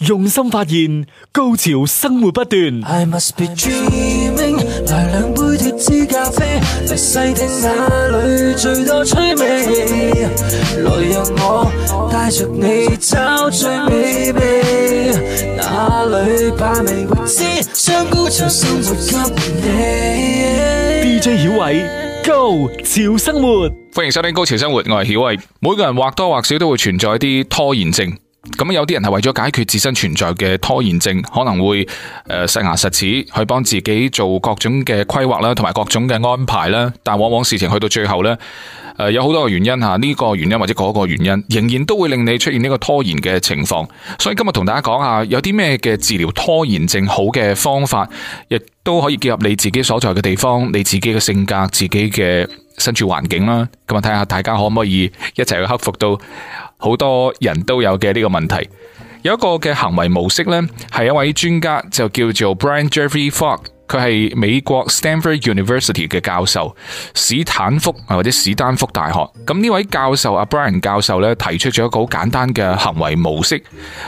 用心發現，高潮生活不斷。I must be dreaming，來兩杯脫脂咖啡，細聽哪裏最多趣味。來讓我帶着你找最美味，baby, 哪裏把味未知，將高潮生活給你。DJ 曉偉，Go，潮生活，歡迎收聽《高潮生活》我偉，我係曉偉。每個人或多或少都會存在一啲拖延症。咁有啲人係為咗解決自身存在嘅拖延症，可能會誒，實牙實齒去幫自己做各種嘅規劃啦，同埋各種嘅安排啦。但往往事情去到最後呢，誒、呃，有好多嘅原因吓，呢、呢個原因或者嗰個原因，仍然都會令你出現呢個拖延嘅情況。所以今日同大家講下，有啲咩嘅治療拖延症好嘅方法，亦都可以結合你自己所在嘅地方、你自己嘅性格、自己嘅身處環境啦。咁啊，睇下大家可唔可以一齊去克服到。好多人都有嘅呢、這個問題，有一個嘅行為模式呢，係一位專家就叫做 Brian Jeffrey Fogg，佢係美國 Stanford University 嘅教授，史坦福或者史丹福大學。咁呢位教授阿 Brian 教授呢，提出咗一個好簡單嘅行為模式，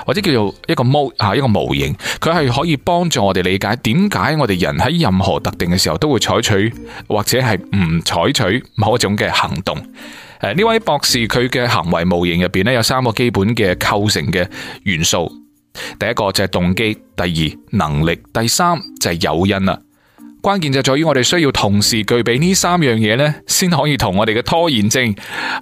或者叫做一個模吓一個模型，佢係可以幫助我哋理解點解我哋人喺任何特定嘅時候都會採取或者係唔採取某種嘅行動。誒，呢位博士佢嘅行為模型入邊咧，有三個基本嘅構成嘅元素。第一個就係動機，第二能力，第三就係誘因啦。關鍵就在於我哋需要同時具備呢三樣嘢咧，先可以同我哋嘅拖延症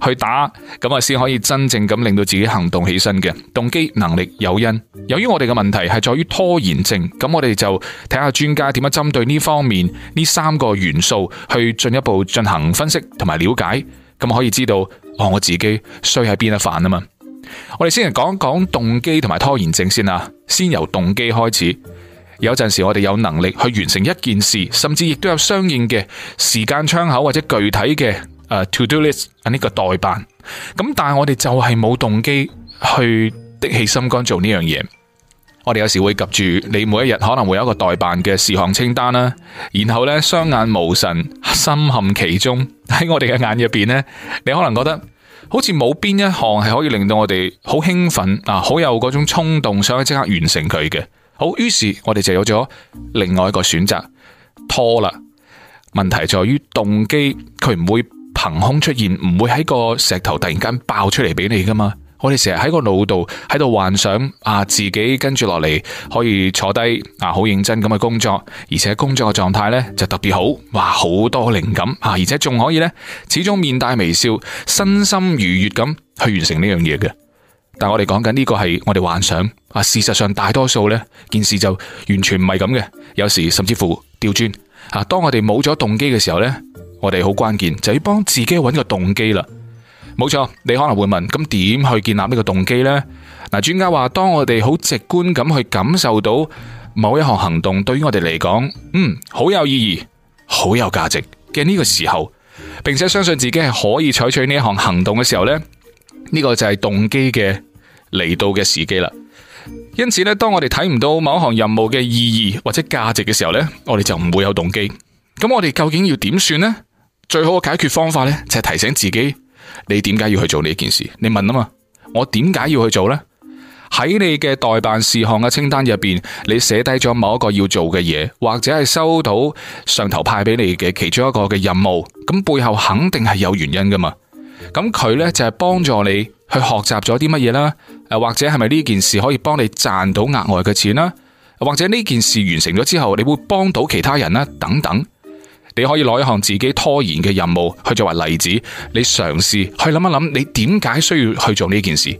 去打，咁啊，先可以真正咁令到自己行動起身嘅動機、能力、誘因。由於我哋嘅問題係在於拖延症，咁我哋就睇下專家點樣針對呢方面呢三個元素去進一步進行分析同埋了解。咁可以知道，哦，我自己衰喺邊一範啊嘛。我哋先嚟講一講動機同埋拖延症先啊。先由動機開始。有陣時我哋有能力去完成一件事，甚至亦都有相應嘅時間窗口或者具體嘅誒 to do list 啊，呢個待辦。咁但係我哋就係冇動機去的起心肝做呢樣嘢。我哋有時會及住你每一日可能會有一個待辦嘅事項清單啦，然後咧雙眼無神，深陷其中喺我哋嘅眼入邊咧，你可能覺得好似冇邊一項係可以令到我哋好興奮啊，好有嗰種衝動，想去即刻完成佢嘅。好，於是我哋就有咗另外一個選擇，拖啦。問題在於動機，佢唔會憑空出現，唔會喺個石頭突然間爆出嚟俾你㗎嘛。我哋成日喺個腦度喺度幻想啊，自己跟住落嚟可以坐低啊，好認真咁嘅工作，而且工作嘅狀態咧就特別好，哇，好多靈感啊，而且仲可以咧始終面帶微笑，身心愉悅咁去完成呢樣嘢嘅。但我哋講緊呢個係我哋幻想啊，事實上大多數咧件事就完全唔係咁嘅，有時甚至乎掉轉啊。當我哋冇咗動機嘅時候咧，我哋好關鍵就要幫自己搵個動機啦。冇錯，你可能會問，「咁點去建立呢個動機呢？」嗱，專家話，當我哋好直觀咁去感受到某一項行，行動對於我哋嚟講，嗯，好有意義、好有價值嘅呢個時候，並且相信自己係可以採取呢一項行，行動嘅時候呢呢、呢個就係動機嘅嚟到嘅時機啦。因此呢，當我哋睇唔到某一項任務嘅意義或者價值嘅時候呢，我哋就唔會有動機。咁我哋究竟要點算呢？最好嘅解決方法呢，就係提醒自己。你點解要去做呢件事？你問啊嘛，我點解要去做呢？喺你嘅代辦事項嘅清單入邊，你寫低咗某一個要做嘅嘢，或者係收到上頭派俾你嘅其中一個嘅任務，咁背後肯定係有原因噶嘛？咁佢呢，就係幫助你去學習咗啲乜嘢啦，或者係咪呢件事可以幫你賺到額外嘅錢啦？或者呢件事完成咗之後，你會幫到其他人啦？等等。你可以攞一項自己拖延嘅任務去作為例子，你嘗試去諗一諗你點解需要去做呢件事。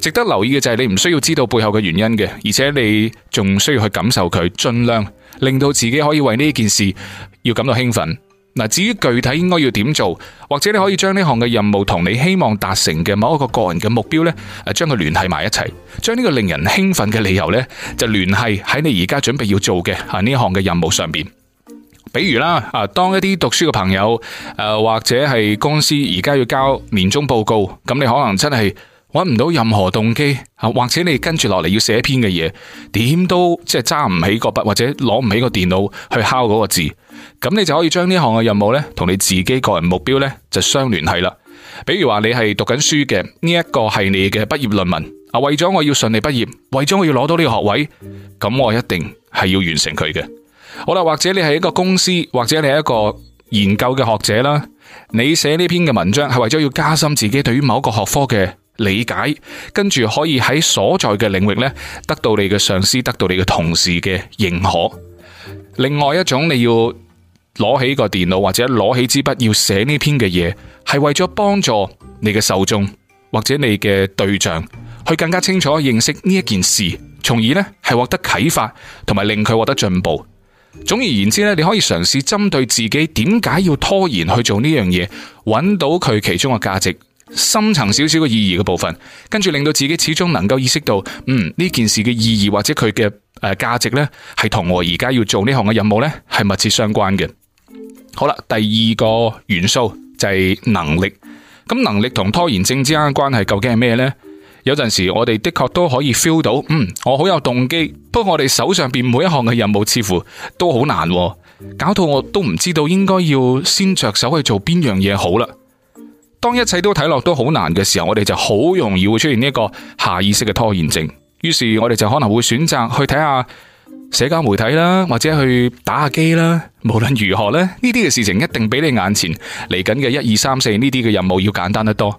值得留意嘅就係你唔需要知道背後嘅原因嘅，而且你仲需要去感受佢，盡量令到自己可以為呢件事要感到興奮。嗱，至於具體應該要點做，或者你可以將呢項嘅任務同你希望達成嘅某一個個人嘅目標咧，誒，將佢聯繫埋一齊，將呢個令人興奮嘅理由咧，就聯繫喺你而家準備要做嘅吓呢項嘅任務上邊。比如啦，啊，當一啲讀書嘅朋友，誒、呃，或者係公司而家要交年終報告，咁你可能真係揾唔到任何動機，或者你跟住落嚟要寫篇嘅嘢，點都即係揸唔起個筆，或者攞唔起個電腦去敲嗰個字，咁你就可以將呢項嘅任務呢，同你自己個人目標呢，就相聯繫啦。比如話你係讀緊書嘅呢一個係你嘅畢業論文，啊，為咗我要順利畢業，為咗我要攞到呢個學位，咁我一定係要完成佢嘅。好啦，或者你係一個公司，或者你係一個研究嘅學者啦，你寫呢篇嘅文章係為咗要加深自己對於某一個學科嘅理解，跟住可以喺所在嘅領域呢得到你嘅上司，得到你嘅同事嘅認可。另外一種你要攞起個電腦或者攞起支筆要寫呢篇嘅嘢，係為咗幫助你嘅受眾或者你嘅對象去更加清楚認識呢一件事，從而呢係獲得啟發，同埋令佢獲得進步。總而言之咧，你可以嘗試針對自己點解要拖延去做呢樣嘢，揾到佢其中嘅價值、深層少少嘅意義嘅部分，跟住令到自己始終能夠意識到，嗯，呢件事嘅意義或者佢嘅誒價值呢，係同我而家要做呢項嘅任務呢係密切相關嘅。好啦，第二個元素就係能力。咁能力同拖延症之間嘅關係究竟係咩呢？有陣時，我哋的確都可以 feel 到，嗯，我好有動機。不過我哋手上邊每一項嘅任務似乎都好難，搞到我都唔知道應該要先着手去做邊樣嘢好啦。當一切都睇落都好難嘅時候，我哋就好容易會出現呢個下意識嘅拖延症。於是，我哋就可能會選擇去睇下社交媒體啦，或者去打下機啦。無論如何呢，呢啲嘅事情一定比你眼前嚟緊嘅一二三四呢啲嘅任務要簡單得多。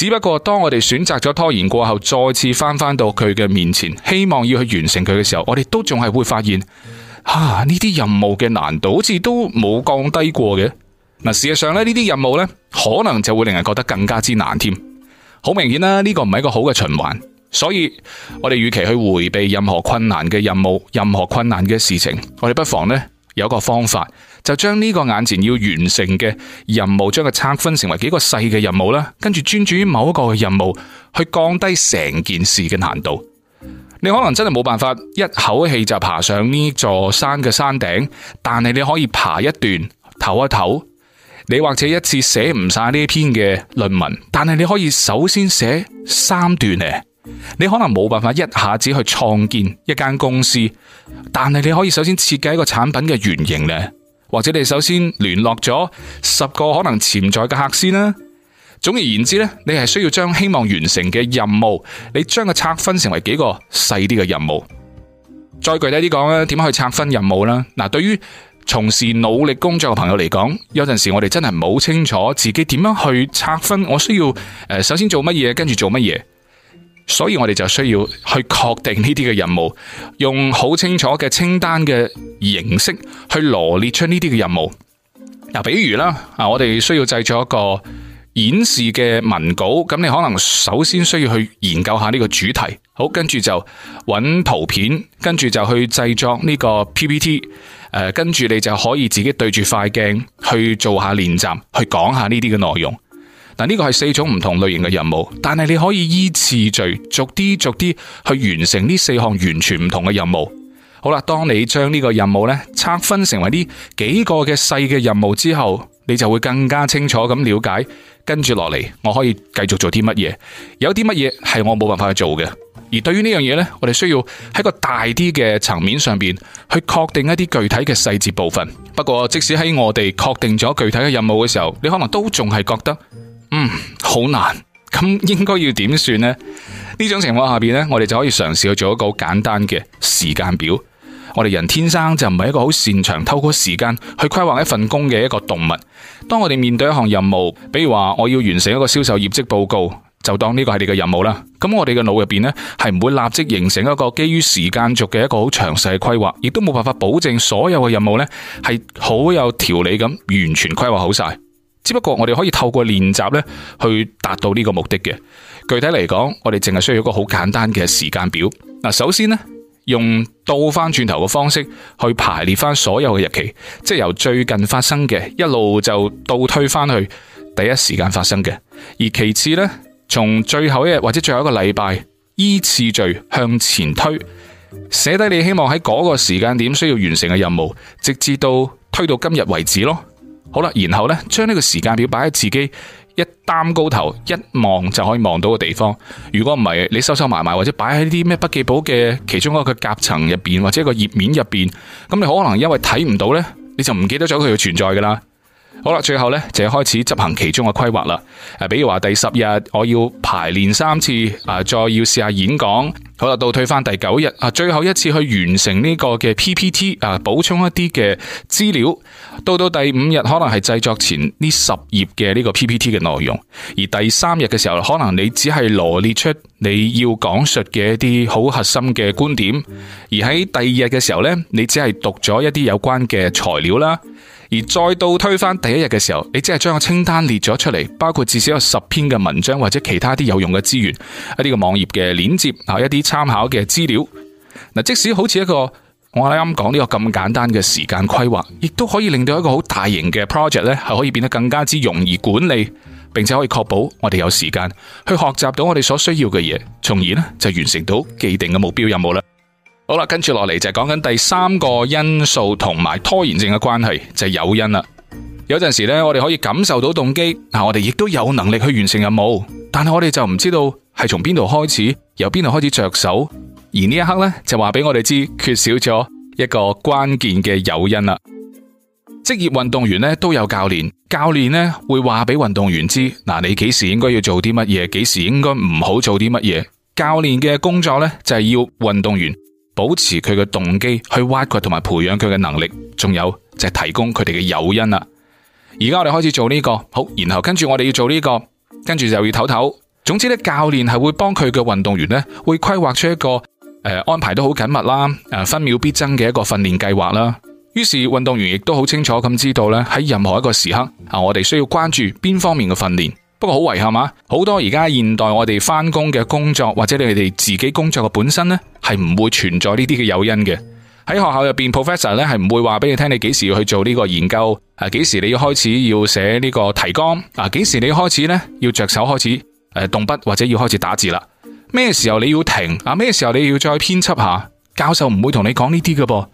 只不過當我哋選擇咗拖延過後，再次翻返到佢嘅面前，希望要去完成佢嘅時候，我哋都仲係會發現，吓呢啲任務嘅難度好似都冇降低過嘅。嗱，事實上咧，呢啲任務咧，可能就會令人覺得更加之難添。好明顯啦，呢個唔係一個好嘅循環，所以我哋與其去回避任何困難嘅任務，任何困難嘅事情，我哋不妨呢，有一個方法。就將呢個眼前要完成嘅任務，將佢拆分成為幾個細嘅任務啦。跟住專注於某一個任務，去降低成件事嘅難度。你可能真係冇辦法一口氣就爬上呢座山嘅山頂，但係你可以爬一段，唞一唞。你或者一次寫唔晒呢篇嘅論文，但係你可以首先寫三段咧。你可能冇辦法一下子去創建一間公司，但係你可以首先設計一個產品嘅原型咧。或者你首先聯絡咗十個可能潛在嘅客先啦。總而言之呢，你係需要將希望完成嘅任務，你將佢拆分成為幾個細啲嘅任務。再具體啲講咧，點樣去拆分任務啦？嗱，對於從事努力工作嘅朋友嚟講，有陣時我哋真係冇清楚自己點樣去拆分。我需要誒，首先做乜嘢，跟住做乜嘢？所以我哋就需要去確定呢啲嘅任務，用好清楚嘅清單嘅形式去羅列出呢啲嘅任務。嗱，比如啦，啊，我哋需要製作一個演示嘅文稿，咁你可能首先需要去研究下呢個主題，好，跟住就揾圖片，跟住就去製作呢個 PPT，誒、呃，跟住你就可以自己對住塊鏡去做下練習，去講下呢啲嘅內容。嗱，呢個係四種唔同類型嘅任務，但係你可以依次序逐啲逐啲去完成呢四項完全唔同嘅任務。好啦，當你將呢個任務咧拆分成為呢幾個嘅細嘅任務之後，你就會更加清楚咁了解。跟住落嚟，我可以繼續做啲乜嘢，有啲乜嘢係我冇辦法去做嘅。而對於呢樣嘢咧，我哋需要喺個大啲嘅層面上邊去確定一啲具體嘅細節部分。不過，即使喺我哋確定咗具體嘅任務嘅時候，你可能都仲係覺得。嗯，好難。咁應該要點算呢？呢種情況下邊呢，我哋就可以嘗試去做一個好簡單嘅時間表。我哋人天生就唔係一個好擅長透過時間去規劃一份工嘅一個動物。當我哋面對一項任務，比如話我要完成一個銷售業績報告，就當呢個係你嘅任務啦。咁我哋嘅腦入邊呢，係唔會立即形成一個基於時間軸嘅一個好詳細嘅規劃，亦都冇辦法保證所有嘅任務呢係好有條理咁完全規劃好晒。只不過我哋可以透過練習咧，去達到呢個目的嘅。具體嚟講，我哋淨係需要一個好簡單嘅時間表。嗱，首先咧，用倒翻轉頭嘅方式去排列翻所有嘅日期，即係由最近發生嘅一路就倒退翻去第一時間發生嘅。而其次咧，從最後一日或者最後一個禮拜，依次序向前推，寫低你希望喺嗰個時間點需要完成嘅任務，直至到推到今日為止咯。好啦，然後咧，將呢個時間表擺喺自己一擔高頭一望就可以望到嘅地方。如果唔係，你收收埋埋或者擺喺啲咩筆記簿嘅其中一個嘅夾層入邊或者一個頁面入邊，咁你可能因為睇唔到呢，你就唔記得咗佢嘅存在噶啦。好啦，最後呢，就開始執行其中嘅規劃啦。比如話第十日我要排練三次，誒，再要試下演講。好啦，倒推翻第九日啊，最後一次去完成呢個嘅 PPT 啊，補充一啲嘅資料。到到第五日可能係製作前呢十頁嘅呢個 PPT 嘅內容。而第三日嘅時候，可能你只係羅列出你要講述嘅一啲好核心嘅觀點。而喺第二日嘅時候呢，你只係讀咗一啲有關嘅材料啦。而再到推翻第一日嘅時候，你只係將個清單列咗出嚟，包括至少有十篇嘅文章或者其他啲有用嘅資源，一啲個網頁嘅鏈接啊，一啲參考嘅資料，嗱，即使好似一個我啱講呢個咁簡單嘅時間規劃，亦都可以令到一個好大型嘅 project 咧，係可以變得更加之容易管理，並且可以確保我哋有時間去學習到我哋所需要嘅嘢，從而咧就完成到既定嘅目標任務啦。好啦，跟住落嚟就係講緊第三個因素同埋拖延症嘅關係，就係誘因啦。有陣時咧，我哋可以感受到動機，我哋亦都有能力去完成任務，但係我哋就唔知道係從邊度開始，由邊度開始着手。而呢一刻咧，就話俾我哋知缺少咗一個關鍵嘅誘因啦。職業運動員咧都有教練，教練呢會話俾運動員知，嗱，你幾時應該要做啲乜嘢，幾時應該唔好做啲乜嘢。教練嘅工作呢，就係要運動員保持佢嘅動機，去挖掘，同埋培養佢嘅能力，仲有就係提供佢哋嘅誘因啦。而家我哋開始做呢個，好，然後跟住我哋要做呢個，跟住就要唞唞。總之咧，教練係會幫佢嘅運動員咧，會規劃出一個誒、呃、安排得好緊密啦，誒、啊、分秒必爭嘅一個訓練計劃啦。於是運動員亦都好清楚咁知道咧，喺任何一個時刻啊，我哋需要關注邊方面嘅訓練。不過好遺憾啊，好多而家現代我哋翻工嘅工作或者你哋自己工作嘅本身咧，係唔會存在呢啲嘅誘因嘅。喺學校入邊，professor 咧係唔會話俾你聽你幾時要去做呢個研究，啊幾時你要開始要寫呢個提綱，啊幾時你開始咧要着手開始，誒動筆或者要開始打字啦，咩時候你要停，啊咩時候你要再編輯下，教授唔會同你講呢啲㗎噃，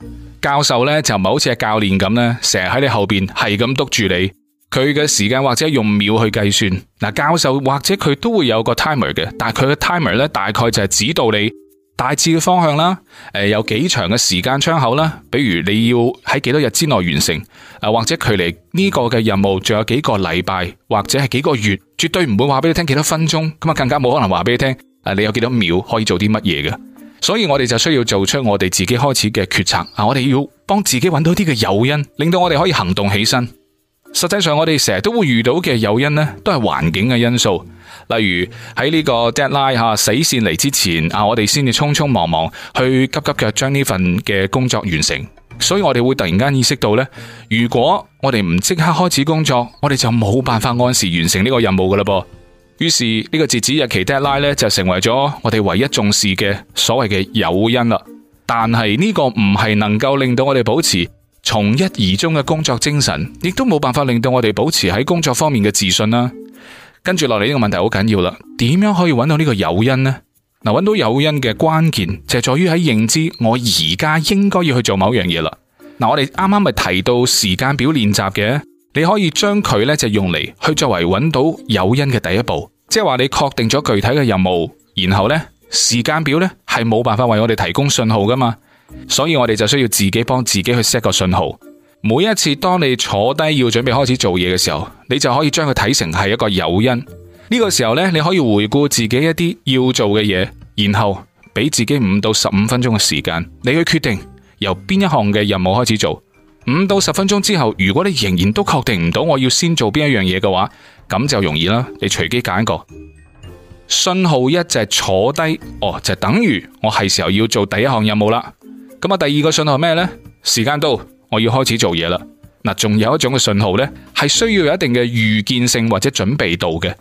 教授咧就唔係好似係教練咁咧，成日喺你後邊係咁督住你，佢嘅時間或者用秒去計算，嗱，教授或者佢都會有個 timer 嘅，但係佢嘅 timer 咧大概就係指導你。大致嘅方向啦，誒，有幾長嘅時間窗口啦，比如你要喺幾多日之內完成，啊，或者距離呢個嘅任務仲有幾個禮拜，或者係幾個月，絕對唔會話俾你聽幾多分鐘，咁啊更加冇可能話俾你聽，啊，你有幾多秒可以做啲乜嘢嘅，所以我哋就需要做出我哋自己開始嘅決策，啊，我哋要幫自己揾到啲嘅誘因，令到我哋可以行動起身。實際上，我哋成日都會遇到嘅誘因呢，都係環境嘅因素。例如喺呢個 deadline、啊、死線嚟之前啊，我哋先至匆匆忙忙去急急腳將呢份嘅工作完成，所以我哋會突然間意識到呢如果我哋唔即刻開始工作，我哋就冇辦法按時完成呢個任務噶啦噃。於是呢個截止日期 deadline 咧就成為咗我哋唯一重視嘅所謂嘅誘因啦。但係呢個唔係能夠令到我哋保持從一而終嘅工作精神，亦都冇辦法令到我哋保持喺工作方面嘅自信啦。跟住落嚟呢個問題好緊要啦，點樣可以揾到呢個誘因呢？揾到誘因嘅關鍵就係在於喺認知我而家應該要去做某樣嘢啦。嗱，我哋啱啱咪提到時間表練習嘅，你可以將佢呢就用嚟去作為揾到誘因嘅第一步。即係話你確定咗具體嘅任務，然後呢，時間表呢係冇辦法為我哋提供信號噶嘛，所以我哋就需要自己幫自己去 set 個信號。每一次當你坐低要準備開始做嘢嘅時候，你就可以將佢睇成係一個誘因。呢、這個時候咧，你可以回顧自己一啲要做嘅嘢，然後俾自己五到十五分鐘嘅時間，你去決定由邊一項嘅任務開始做。五到十分鐘之後，如果你仍然都確定唔到我要先做邊一樣嘢嘅話，咁就容易啦。你隨機揀一個信號，一隻坐低，哦，就是、等於我係時候要做第一項任務啦。咁啊，第二個信號咩呢？時間到。我要開始做嘢啦。嗱，仲有一種嘅信號呢，係需要有一定嘅預見性或者準備度嘅。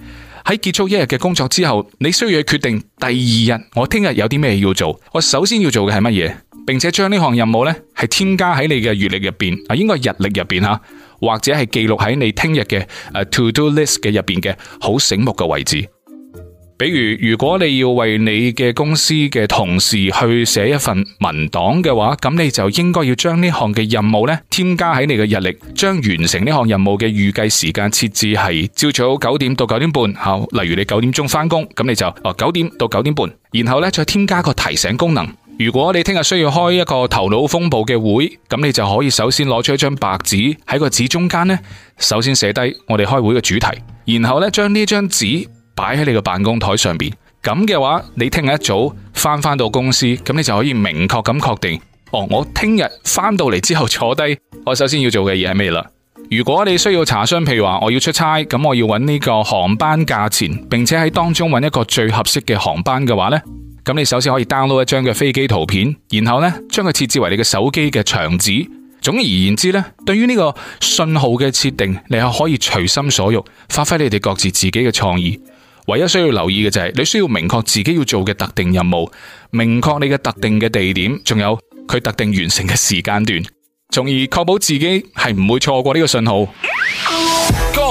喺結束一日嘅工作之後，你需要去決定第二日我聽日有啲咩要做。我首先要做嘅係乜嘢，並且將呢項任務呢，係添加喺你嘅月曆入邊啊，應該係日曆入邊哈，或者係記錄喺你聽日嘅 to do list 嘅入邊嘅好醒目嘅位置。比如如果你要為你嘅公司嘅同事去寫一份文檔嘅話，咁你就應該要將呢項嘅任務咧，添加喺你嘅日曆，將完成呢項任務嘅預計時間設置係朝早九點到九點半。好，例如你九點鐘返工，咁你就哦，九點到九點半，然後咧再添加個提醒功能。如果你聽日需要開一個頭腦風暴嘅會，咁你就可以首先攞出一張白紙，喺個紙中間咧，首先寫低我哋開會嘅主題，然後咧將呢張紙。擺喺你個辦公台上邊，咁嘅話，你聽日一早翻翻到公司，咁你就可以明確咁確定，哦，我聽日翻到嚟之後坐低，我首先要做嘅嘢係咩啦？如果你需要查詢，譬如話我要出差，咁我要搵呢個航班價錢，並且喺當中搵一個最合適嘅航班嘅話呢，咁你首先可以 download 一張嘅飛機圖片，然後呢將佢設置為你嘅手機嘅牆紙。總而言之呢，對於呢個信號嘅設定，你係可以隨心所欲，發揮你哋各自自己嘅創意。唯一需要留意嘅就係，你需要明確自己要做嘅特定任務，明確你嘅特定嘅地點，仲有佢特定完成嘅時間段，從而確保自己係唔會錯過呢個信號。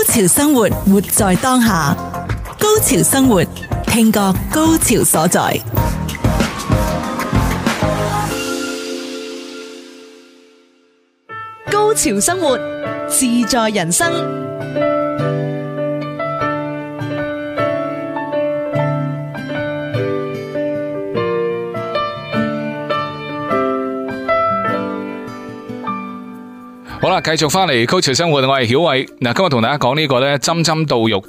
高潮生活，活在當下；高潮生活，聽覺高潮所在；高潮生活，自在人生。繼續翻嚟高潮生活，我係曉偉。嗱，今日同大家講呢個咧針針到肉，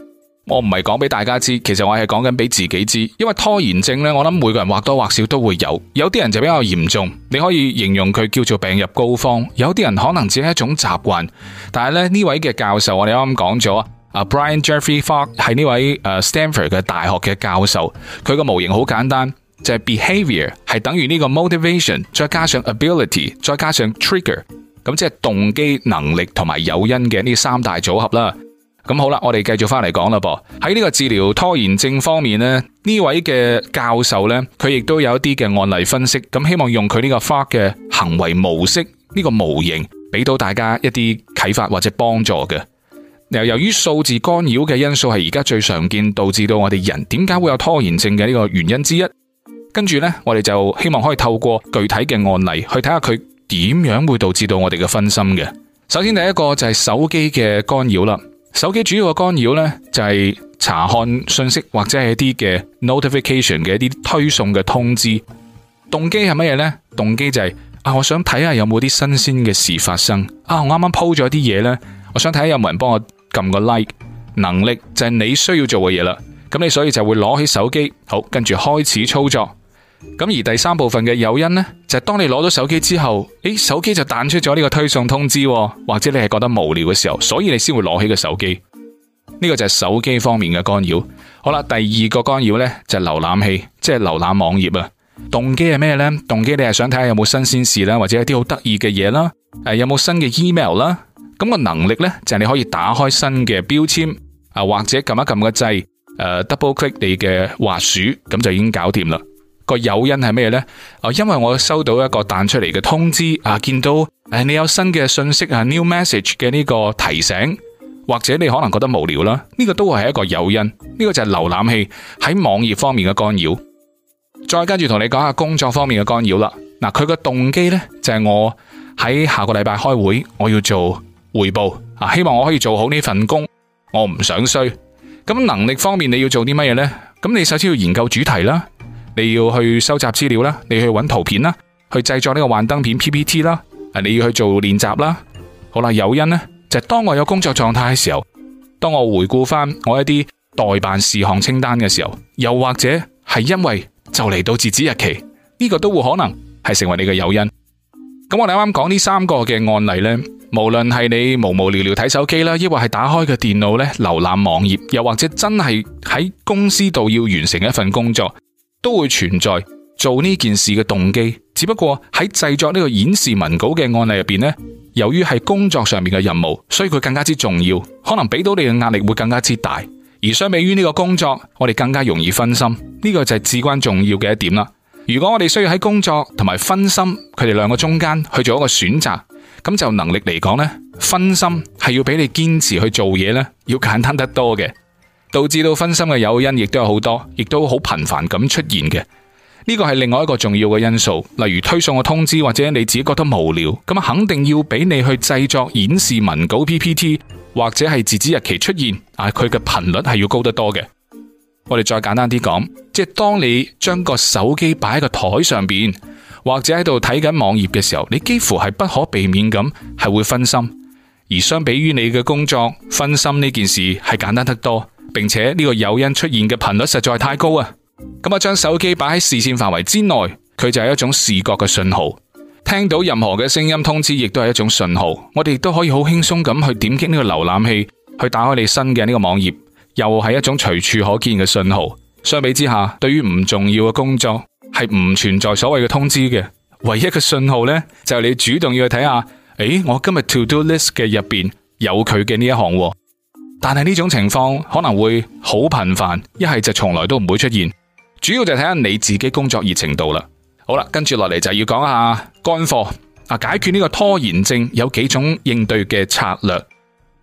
我唔係講俾大家知，其實我係講緊俾自己知。因為拖延症咧，我諗每個人或多或少都會有，有啲人就比較嚴重。你可以形容佢叫做病入膏肓，有啲人可能只係一種習慣。但係咧呢位嘅教授，我哋啱啱講咗啊，Brian Jeffrey Fogg 係呢位 Stanford 嘅大學嘅教授，佢個模型好簡單，就係 behavior 係等於呢個 motivation，再加上 ability，再加上 trigger。咁即係動機、能力同埋誘因嘅呢三大組合啦。咁好啦，我哋繼續翻嚟講啦噃。喺呢個治療拖延症方面呢，呢位嘅教授呢，佢亦都有一啲嘅案例分析。咁希望用佢呢個 Fogg 嘅行為模式呢個模型，俾到大家一啲啟發或者幫助嘅。由於數字干擾嘅因素係而家最常見，導致到我哋人點解會有拖延症嘅呢個原因之一。跟住呢，我哋就希望可以透過具體嘅案例去睇下佢。點樣會導致到我哋嘅分心嘅？首先第一個就係手機嘅干擾啦。手機主要嘅干擾呢，就係查看信息或者係一啲嘅 notification 嘅一啲推送嘅通知。動機係乜嘢呢？動機就係啊，我想睇下有冇啲新鮮嘅事發生。啊，我啱啱鋪咗啲嘢呢，我想睇下有冇人幫我撳個 like。能力就係你需要做嘅嘢啦。咁你所以就會攞起手機，好，跟住開始操作。咁而第三部分嘅誘因呢，就係當你攞咗手機之後，誒，手機就彈出咗呢個推送通知，或者你係覺得無聊嘅時候，所以你先會攞起個手機。呢個就係手機方面嘅干擾。好啦，第二個干擾呢，就係瀏覽器，即係瀏覽網頁啊。動機係咩呢？動機你係想睇下有冇新鮮事啦，或者一啲好得意嘅嘢啦。誒，有冇新嘅 email 啦？咁個能力呢，就係你可以打開新嘅標籤啊，或者撳一撳個掣，誒，double click 你嘅滑鼠，咁就已經搞掂啦。個誘因係咩呢？哦，因為我收到一個彈出嚟嘅通知啊，見到誒，你有新嘅信息啊，New Message 嘅呢個提醒，或者你可能覺得無聊啦，呢、這個都係一個誘因。呢、這個就係瀏覽器喺網頁方面嘅干擾。再跟住同你講下工作方面嘅干擾啦。嗱、啊，佢嘅動機呢，就係、是、我喺下個禮拜開會，我要做匯報啊，希望我可以做好呢份工，我唔想衰。咁能力方面你要做啲乜嘢呢？咁你首先要研究主題啦。你要去收集資料啦，你去揾圖片啦，去製作呢個幻燈片 PPT 啦。你要去做練習啦。好啦，誘因呢，就係當我有工作狀態嘅時候，當我回顧翻我一啲待辦事項清單嘅時候，又或者係因為就嚟到截止日期，呢個都會可能係成為你嘅誘因。咁我哋啱啱講呢三個嘅案例呢，無論係你無無聊聊睇手機啦，抑或係打開個電腦呢，瀏覽網頁，又或者真係喺公司度要完成一份工作。都會存在做呢件事嘅動機，只不過喺製作呢個演示文稿嘅案例入邊呢，由於係工作上面嘅任務，所以佢更加之重要，可能俾到你嘅壓力會更加之大。而相比於呢個工作，我哋更加容易分心，呢個就係至關重要嘅一點啦。如果我哋需要喺工作同埋分心佢哋兩個中間去做一個選擇，咁就能力嚟講呢，分心係要比你堅持去做嘢呢，要簡單得多嘅。導致到分心嘅誘因，亦都有好多，亦都好頻繁咁出現嘅。呢個係另外一個重要嘅因素，例如推送嘅通知，或者你自己覺得無聊，咁肯定要俾你去製作演示文稿 PPT，或者係截止日期出現啊，佢嘅頻率係要高得多嘅。我哋再簡單啲講，即係當你將個手機擺喺個台上邊，或者喺度睇緊網頁嘅時候，你幾乎係不可避免咁係會分心。而相比於你嘅工作，分心呢件事係簡單得多。並且呢個誘因出現嘅頻率實在太高啊！咁啊，將手機擺喺視線範圍之內，佢就係一種視覺嘅信號；聽到任何嘅聲音通知，亦都係一種信號。我哋亦都可以好輕鬆咁去點擊呢個瀏覽器，去打開你新嘅呢個網頁，又係一種隨處可見嘅信號。相比之下，對於唔重要嘅工作，係唔存在所謂嘅通知嘅。唯一嘅信號呢，就係你主動要去睇下，誒，我今日 to do list 嘅入邊有佢嘅呢一行喎。但係呢種情況可能會好頻繁，一係就從來都唔會出現，主要就睇下你自己工作熱情度啦。好啦，跟住落嚟就要講下乾貨，啊，解決呢個拖延症有幾種應對嘅策略，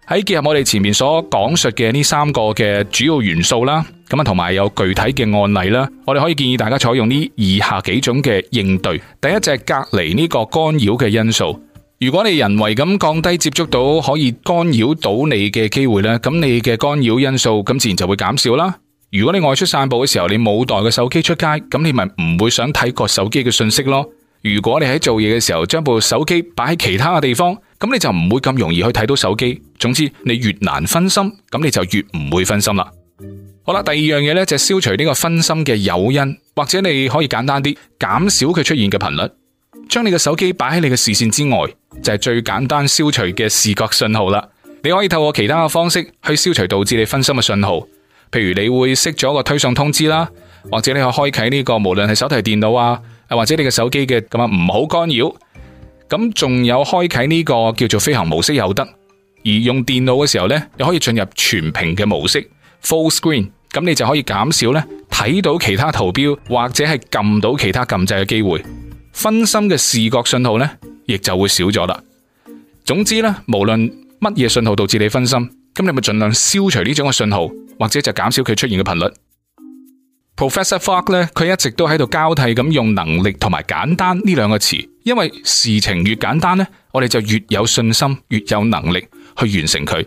喺結合我哋前面所講述嘅呢三個嘅主要元素啦，咁啊同埋有具體嘅案例啦，我哋可以建議大家採用呢以下幾種嘅應對，第一只隔離呢個干擾嘅因素。如果你人為咁降低接觸到可以干擾到你嘅機會呢，咁你嘅干擾因素咁自然就會減少啦。如果你外出散步嘅時候，你冇帶個手機出街，咁你咪唔會想睇個手機嘅信息咯。如果你喺做嘢嘅時候，將部手機擺喺其他嘅地方，咁你就唔會咁容易去睇到手機。總之，你越難分心，咁你就越唔會分心啦。好啦，第二樣嘢呢，就係消除呢個分心嘅誘因，或者你可以簡單啲減少佢出現嘅頻率，將你嘅手機擺喺你嘅視線之外。就係最簡單消除嘅視覺信號啦。你可以透過其他嘅方式去消除導致你分心嘅信號，譬如你會熄咗個推送通知啦，或者你可以開啟呢個無論係手提電腦啊，或者你嘅手機嘅，咁啊唔好干擾。咁仲有開啟呢個叫做飛行模式又得。而用電腦嘅時候呢，你可以進入全屏嘅模式 （full screen），咁你就可以減少呢睇到其他圖標或者係撳到其他撳掣嘅機會。分心嘅視覺信號呢。亦就會少咗啦。總之咧，無論乜嘢信號導致你分心，咁你咪盡量消除呢種嘅信號，或者就減少佢出現嘅頻率。Professor Fogg 咧，佢一直都喺度交替咁用能力同埋簡單呢兩個詞，因為事情越簡單咧，我哋就越有信心，越有能力去完成佢。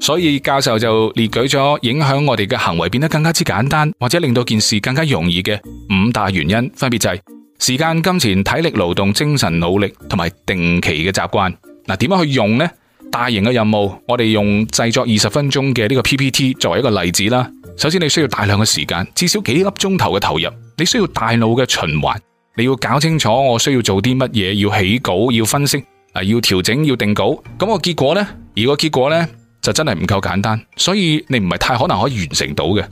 所以教授就列舉咗影響我哋嘅行為變得更加之簡單，或者令到件事更加容易嘅五大原因，分別就係、是。時間、金錢、體力勞動、精神努力同埋定期嘅習慣，嗱，點樣去用呢？大型嘅任務，我哋用製作二十分鐘嘅呢個 PPT 作為一個例子啦。首先，你需要大量嘅時間，至少幾粒鐘頭嘅投入。你需要大腦嘅循環，你要搞清楚我需要做啲乜嘢，要起稿，要分析，啊，要調整，要定稿。咁個結果呢，而個結果呢，就真係唔夠簡單，所以你唔係太可能可以完成到嘅。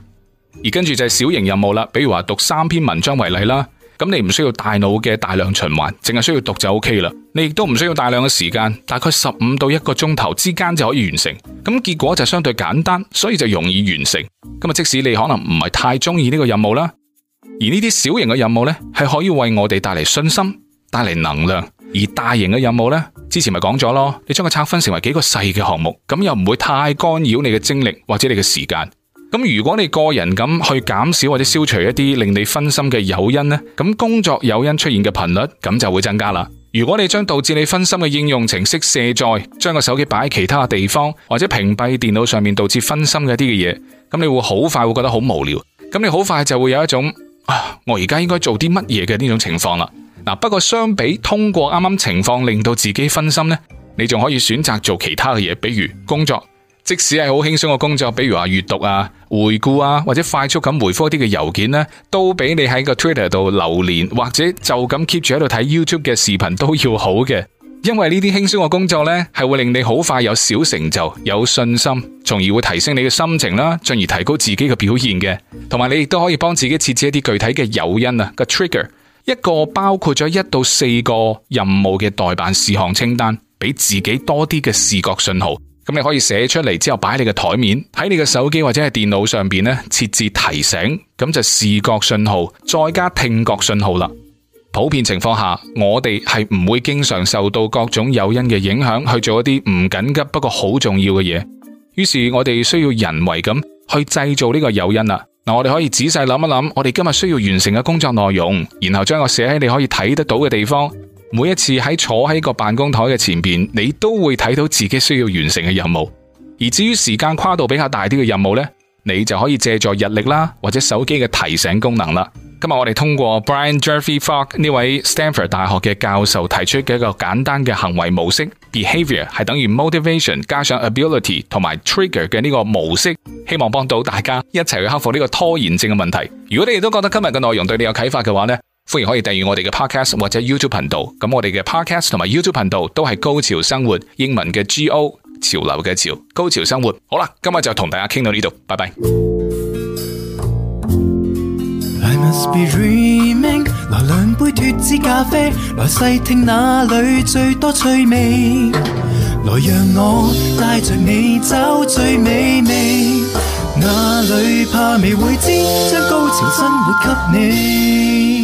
而跟住就係小型任務啦，比如話讀三篇文章為例啦。咁你唔需要大腦嘅大量循環，淨係需要讀就 O K 啦。你亦都唔需要大量嘅時間，大概十五到一個鐘頭之間就可以完成。咁結果就相對簡單，所以就容易完成。咁咪即使你可能唔係太中意呢個任務啦，而呢啲小型嘅任務呢，係可以為我哋帶嚟信心、帶嚟能量。而大型嘅任務呢，之前咪講咗咯，你將佢拆分成為幾個細嘅項目，咁又唔會太干擾你嘅精力或者你嘅時間。咁如果你個人咁去減少或者消除一啲令你分心嘅誘因呢，咁工作誘因出現嘅頻率咁就會增加啦。如果你將導致你分心嘅應用程式卸載，將個手機擺喺其他地方，或者屏蔽電腦上面導致分心嘅啲嘅嘢，咁你會好快會覺得好無聊。咁你好快就會有一種啊，我而家應該做啲乜嘢嘅呢種情況啦。嗱，不過相比通過啱啱情況令到自己分心呢，你仲可以選擇做其他嘅嘢，比如工作。即使係好輕鬆嘅工作，比如話閱讀啊、回顧啊，或者快速咁回覆一啲嘅郵件呢，都俾你喺個 Twitter 度留言，或者就咁 keep 住喺度睇 YouTube 嘅視頻都要好嘅。因為呢啲輕鬆嘅工作呢，係會令你好快有小成就、有信心，從而會提升你嘅心情啦，進而提高自己嘅表現嘅。同埋你亦都可以幫自己設置一啲具體嘅誘因啊，個 trigger，一個包括咗一到四個任務嘅代辦事項清單，俾自己多啲嘅視覺信號。咁你可以寫出嚟，之後擺你嘅台面，喺你嘅手機或者係電腦上邊呢，設置提醒，咁就視覺信號，再加聽覺信號啦。普遍情況下，我哋係唔會經常受到各種誘因嘅影響去做一啲唔緊急不過好重要嘅嘢。於是我哋需要人為咁去製造呢個誘因啦。嗱，我哋可以仔細諗一諗，我哋今日需要完成嘅工作內容，然後將個寫喺你可以睇得到嘅地方。每一次喺坐喺個辦公台嘅前邊，你都會睇到自己需要完成嘅任務。而至於時間跨度比較大啲嘅任務呢，你就可以借助日曆啦，或者手機嘅提醒功能啦。今日我哋通過 Brian Jeffrey Fogg 呢位 Stanford 大學嘅教授提出嘅一個簡單嘅行為模式 （behavior） 係等於 motivation 加上 ability 同埋 trigger 嘅呢個模式，希望幫到大家一齊去克服呢個拖延症嘅問題。如果你哋都覺得今日嘅內容對你有啟發嘅話呢，歡迎可以訂閱我哋嘅 podcast 或者 YouTube 頻道，咁我哋嘅 podcast 同埋 YouTube 頻道都係高潮生活英文嘅 G O 潮流嘅潮，高潮生活。好啦，今日就同大家傾到呢度，拜拜。I must be dreaming。來兩杯脫脂咖啡，來細聽哪裏最多趣味，來讓我帶着你找最美味，哪裏怕未會知，將高潮生活給你。